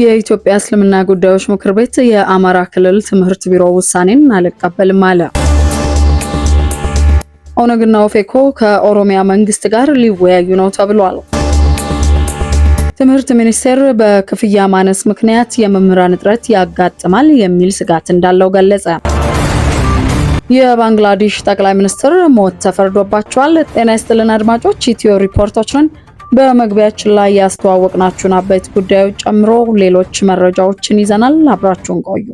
የኢትዮጵያ እስልምና ጉዳዮች ምክር ቤት የአማራ ክልል ትምህርት ቢሮ ውሳኔን አልቀበልም አለ። ኦነግና ኦፌኮ ከኦሮሚያ መንግስት ጋር ሊወያዩ ነው ተብሏል። ትምህርት ሚኒስቴር በክፍያ ማነስ ምክንያት የመምህራን እጥረት ያጋጥማል የሚል ስጋት እንዳለው ገለጸ። የባንግላዴሽ ጠቅላይ ሚኒስትር ሞት ተፈርዶባቸዋል። ጤና ይስጥልን አድማጮች፣ ኢትዮ ሪፖርቶችን በመግቢያችን ላይ ያስተዋወቅናችሁን አበይት ጉዳዮች ጨምሮ ሌሎች መረጃዎችን ይዘናል። አብራችሁን ቆዩ።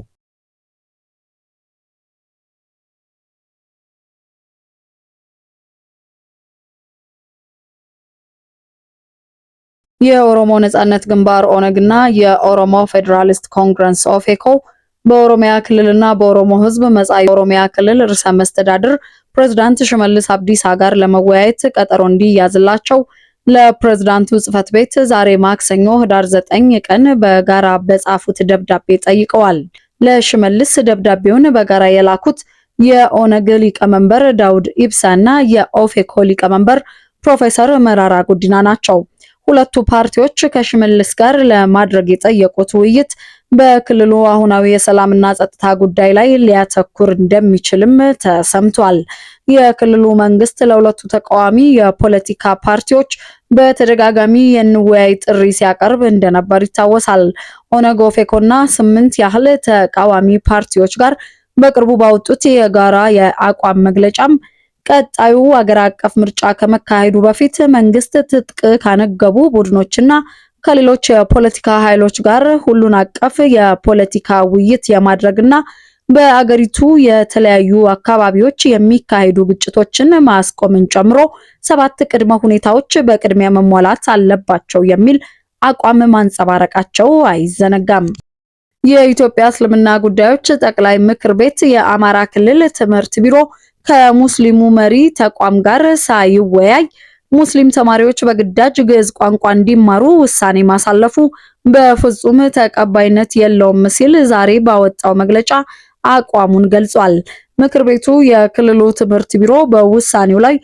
የኦሮሞ ነጻነት ግንባር ኦነግና የኦሮሞ ፌዴራሊስት ኮንግረስ ኦፌኮ በኦሮሚያ ክልልና በኦሮሞ ሕዝብ መጻኢ የኦሮሚያ ክልል ርዕሰ መስተዳድር ፕሬዝዳንት ሽመልስ አብዲሳ ጋር ለመወያየት ቀጠሮ እንዲያዝላቸው ለፕሬዝዳንቱ ጽህፈት ቤት ዛሬ ማክሰኞ ህዳር 9 ቀን በጋራ በጻፉት ደብዳቤ ጠይቀዋል። ለሽመልስ ደብዳቤውን በጋራ የላኩት የኦነግ ሊቀመንበር ዳውድ ኢብሳ እና የኦፌኮ ሊቀመንበር ፕሮፌሰር መራራ ጉዲና ናቸው። ሁለቱ ፓርቲዎች ከሽመልስ ጋር ለማድረግ የጠየቁት ውይይት በክልሉ አሁናዊ የሰላምና ጸጥታ ጉዳይ ላይ ሊያተኩር እንደሚችልም ተሰምቷል። የክልሉ መንግስት ለሁለቱ ተቃዋሚ የፖለቲካ ፓርቲዎች በተደጋጋሚ የንወያይ ጥሪ ሲያቀርብ እንደነበር ይታወሳል። ኦነግ ኦፌኮና ስምንት ያህል ተቃዋሚ ፓርቲዎች ጋር በቅርቡ ባወጡት የጋራ የአቋም መግለጫም ቀጣዩ አገር አቀፍ ምርጫ ከመካሄዱ በፊት መንግስት ትጥቅ ካነገቡ ቡድኖችና ከሌሎች የፖለቲካ ኃይሎች ጋር ሁሉን አቀፍ የፖለቲካ ውይይት የማድረግና በአገሪቱ የተለያዩ አካባቢዎች የሚካሄዱ ግጭቶችን ማስቆምን ጨምሮ ሰባት ቅድመ ሁኔታዎች በቅድሚያ መሟላት አለባቸው የሚል አቋም ማንጸባረቃቸው አይዘነጋም። የኢትዮጵያ እስልምና ጉዳዮች ጠቅላይ ምክር ቤት የአማራ ክልል ትምህርት ቢሮ ከሙስሊሙ መሪ ተቋም ጋር ሳይወያይ ሙስሊም ተማሪዎች በግዳጅ ግዕዝ ቋንቋ እንዲማሩ ውሳኔ ማሳለፉ በፍጹም ተቀባይነት የለውም ሲል ዛሬ ባወጣው መግለጫ አቋሙን ገልጿል። ምክር ቤቱ የክልሉ ትምህርት ቢሮ በውሳኔው ላይ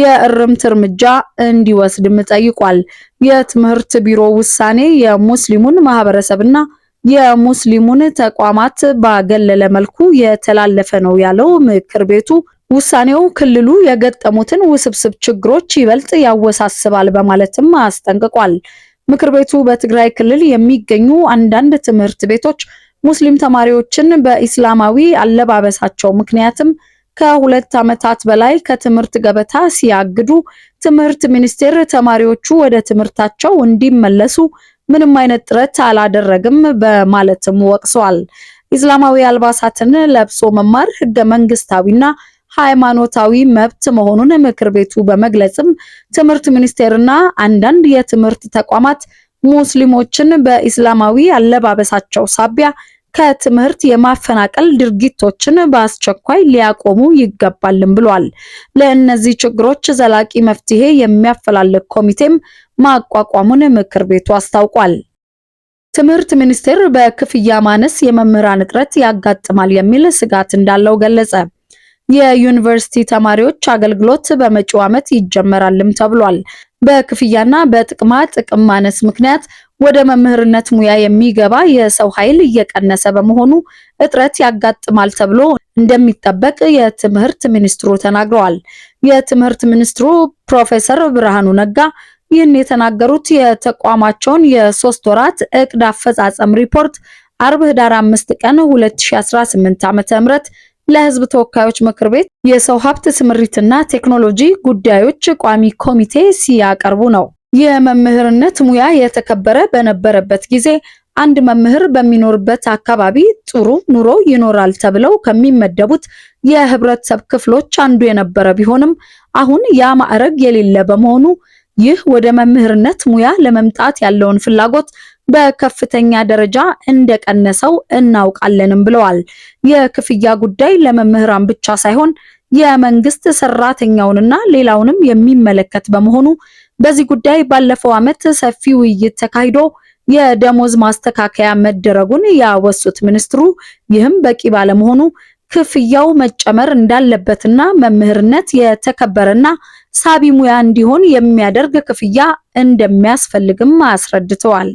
የእርምት እርምጃ እንዲወስድም ጠይቋል። የትምህርት ቢሮ ውሳኔ የሙስሊሙን ማህበረሰብና የሙስሊሙን ተቋማት ባገለለ መልኩ የተላለፈ ነው ያለው ምክር ቤቱ ውሳኔው ክልሉ የገጠሙትን ውስብስብ ችግሮች ይበልጥ ያወሳስባል በማለትም አስጠንቅቋል። ምክር ቤቱ በትግራይ ክልል የሚገኙ አንዳንድ ትምህርት ቤቶች ሙስሊም ተማሪዎችን በኢስላማዊ አለባበሳቸው ምክንያትም ከሁለት ዓመታት በላይ ከትምህርት ገበታ ሲያግዱ ትምህርት ሚኒስቴር ተማሪዎቹ ወደ ትምህርታቸው እንዲመለሱ ምንም አይነት ጥረት አላደረግም በማለትም ወቅሰዋል። ኢስላማዊ አልባሳትን ለብሶ መማር ህገ መንግስታዊና ሃይማኖታዊ መብት መሆኑን ምክር ቤቱ በመግለጽም ትምህርት ሚኒስቴርና አንዳንድ የትምህርት ተቋማት ሙስሊሞችን በኢስላማዊ አለባበሳቸው ሳቢያ ከትምህርት የማፈናቀል ድርጊቶችን በአስቸኳይ ሊያቆሙ ይገባልም ብሏል። ለእነዚህ ችግሮች ዘላቂ መፍትሄ የሚያፈላልግ ኮሚቴም ማቋቋሙን ምክር ቤቱ አስታውቋል። ትምህርት ሚኒስቴር በክፍያ ማነስ የመምህራን እጥረት ያጋጥማል የሚል ስጋት እንዳለው ገለጸ። የዩኒቨርሲቲ ተማሪዎች አገልግሎት በመጪው ዓመት ይጀመራልም ተብሏል። በክፍያና በጥቅማ ጥቅም ማነስ ምክንያት ወደ መምህርነት ሙያ የሚገባ የሰው ኃይል እየቀነሰ በመሆኑ እጥረት ያጋጥማል ተብሎ እንደሚጠበቅ የትምህርት ሚኒስትሩ ተናግረዋል። የትምህርት ሚኒስትሩ ፕሮፌሰር ብርሃኑ ነጋ ይህን የተናገሩት የተቋማቸውን የሶስት ወራት እቅድ አፈጻጸም ሪፖርት አርብ ህዳር 5 ቀን 2018 ዓ.ም ለህዝብ ተወካዮች ምክር ቤት የሰው ሀብት ስምሪትና ቴክኖሎጂ ጉዳዮች ቋሚ ኮሚቴ ሲያቀርቡ ነው። የመምህርነት ሙያ የተከበረ በነበረበት ጊዜ አንድ መምህር በሚኖርበት አካባቢ ጥሩ ኑሮ ይኖራል ተብለው ከሚመደቡት የህብረተሰብ ክፍሎች አንዱ የነበረ ቢሆንም አሁን ያ ማዕረግ የሌለ በመሆኑ ይህ ወደ መምህርነት ሙያ ለመምጣት ያለውን ፍላጎት በከፍተኛ ደረጃ እንደቀነሰው እናውቃለንም ብለዋል። የክፍያ ጉዳይ ለመምህራን ብቻ ሳይሆን የመንግስት ሰራተኛውንና ሌላውንም የሚመለከት በመሆኑ በዚህ ጉዳይ ባለፈው ዓመት ሰፊ ውይይት ተካሂዶ የደሞዝ ማስተካከያ መደረጉን ያወሱት ሚኒስትሩ ይህም በቂ ባለመሆኑ ክፍያው መጨመር እንዳለበትና መምህርነት የተከበረና ሳቢ ሙያ እንዲሆን የሚያደርግ ክፍያ እንደሚያስፈልግም አስረድተዋል።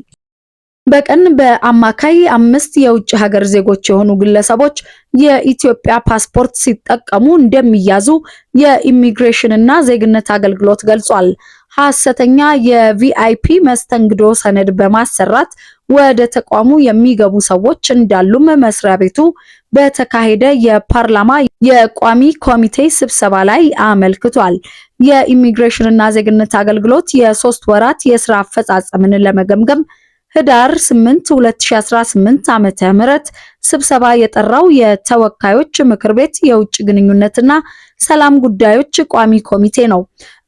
በቀን በአማካይ አምስት የውጭ ሀገር ዜጎች የሆኑ ግለሰቦች የኢትዮጵያ ፓስፖርት ሲጠቀሙ እንደሚያዙ የኢሚግሬሽን እና ዜግነት አገልግሎት ገልጿል። ሐሰተኛ የቪአይፒ መስተንግዶ ሰነድ በማሰራት ወደ ተቋሙ የሚገቡ ሰዎች እንዳሉም መስሪያ ቤቱ በተካሄደ የፓርላማ የቋሚ ኮሚቴ ስብሰባ ላይ አመልክቷል። የኢሚግሬሽንና ዜግነት አገልግሎት የሶስት ወራት የስራ አፈጻጸምን ለመገምገም ህዳር 8 2018 ዓመተ ምህረት ስብሰባ የጠራው የተወካዮች ምክር ቤት የውጭ ግንኙነትና ሰላም ጉዳዮች ቋሚ ኮሚቴ ነው።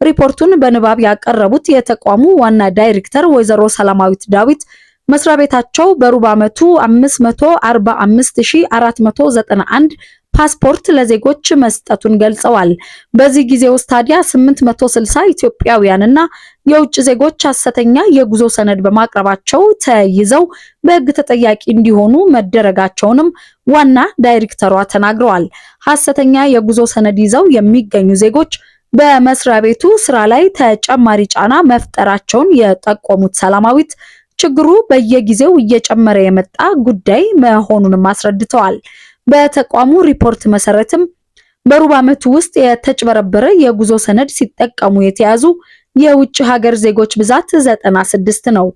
ሪፖርቱን በንባብ ያቀረቡት የተቋሙ ዋና ዳይሬክተር ወይዘሮ ሰላማዊት ዳዊት መስሪያ ቤታቸው በሩብ ዓመቱ 545491 ፓስፖርት ለዜጎች መስጠቱን ገልጸዋል። በዚህ ጊዜ ውስጥ ታዲያ 860 ኢትዮጵያውያንና የውጭ ዜጎች ሐሰተኛ የጉዞ ሰነድ በማቅረባቸው ተይዘው በሕግ ተጠያቂ እንዲሆኑ መደረጋቸውንም ዋና ዳይሬክተሯ ተናግረዋል። ሐሰተኛ የጉዞ ሰነድ ይዘው የሚገኙ ዜጎች በመስሪያ ቤቱ ስራ ላይ ተጨማሪ ጫና መፍጠራቸውን የጠቆሙት ሰላማዊት ችግሩ በየጊዜው እየጨመረ የመጣ ጉዳይ መሆኑንም አስረድተዋል። በተቋሙ ሪፖርት መሰረትም በሩብ ዓመቱ ውስጥ የተጭበረበረ የጉዞ ሰነድ ሲጠቀሙ የተያዙ የውጭ ሀገር ዜጎች ብዛት ዘጠና ስድስት ነው።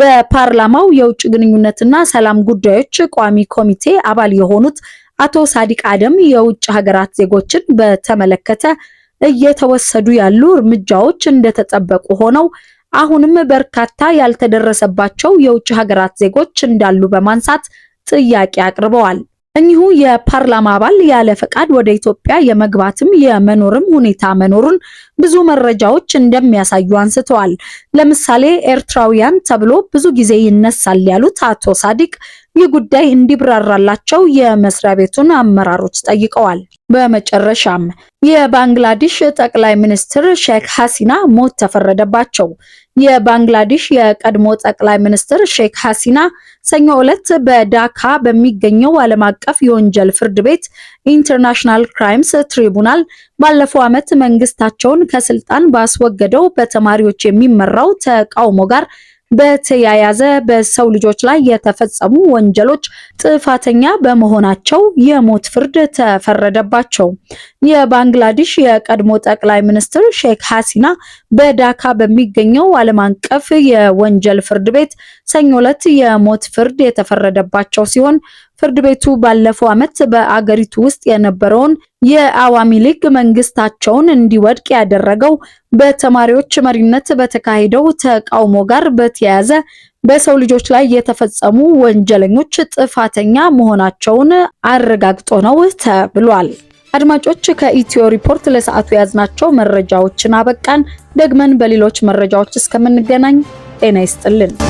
በፓርላማው የውጭ ግንኙነትና ሰላም ጉዳዮች ቋሚ ኮሚቴ አባል የሆኑት አቶ ሳዲቅ አደም የውጭ ሀገራት ዜጎችን በተመለከተ እየተወሰዱ ያሉ እርምጃዎች እንደተጠበቁ ሆነው አሁንም በርካታ ያልተደረሰባቸው የውጭ ሀገራት ዜጎች እንዳሉ በማንሳት ጥያቄ አቅርበዋል። እኚሁ የፓርላማ አባል ያለ ፈቃድ ወደ ኢትዮጵያ የመግባትም የመኖርም ሁኔታ መኖሩን ብዙ መረጃዎች እንደሚያሳዩ አንስተዋል። ለምሳሌ ኤርትራውያን ተብሎ ብዙ ጊዜ ይነሳል ያሉት አቶ ሳዲቅ ይህ ጉዳይ እንዲብራራላቸው የመስሪያ ቤቱን አመራሮች ጠይቀዋል። በመጨረሻም የባንግላዴሽ ጠቅላይ ሚኒስትር ሼክ ሐሲና ሞት ተፈረደባቸው። የባንግላዴሽ የቀድሞ ጠቅላይ ሚኒስትር ሼክ ሐሲና ሰኞ ዕለት በዳካ በሚገኘው ዓለም አቀፍ የወንጀል ፍርድ ቤት ኢንተርናሽናል ክራይምስ ትሪቡናል ባለፈው ዓመት መንግስታቸውን ከስልጣን ባስወገደው በተማሪዎች የሚመራው ተቃውሞ ጋር በተያያዘ በሰው ልጆች ላይ የተፈጸሙ ወንጀሎች ጥፋተኛ በመሆናቸው የሞት ፍርድ ተፈረደባቸው። የባንግላዴሽ የቀድሞ ጠቅላይ ሚኒስትር ሼክ ሐሲና በዳካ በሚገኘው ዓለም አቀፍ የወንጀል ፍርድ ቤት ሰኞ ዕለት የሞት ፍርድ የተፈረደባቸው ሲሆን ፍርድ ቤቱ ባለፈው ዓመት በአገሪቱ ውስጥ የነበረውን የአዋሚ ሊግ መንግስታቸውን እንዲወድቅ ያደረገው በተማሪዎች መሪነት በተካሄደው ተቃውሞ ጋር በተያያዘ በሰው ልጆች ላይ የተፈጸሙ ወንጀለኞች ጥፋተኛ መሆናቸውን አረጋግጦ ነው ተብሏል። አድማጮች ከኢትዮ ሪፖርት ለሰዓቱ የያዝናቸው መረጃዎችን አበቃን። ደግመን በሌሎች መረጃዎች እስከምንገናኝ ጤና ይስጥልን።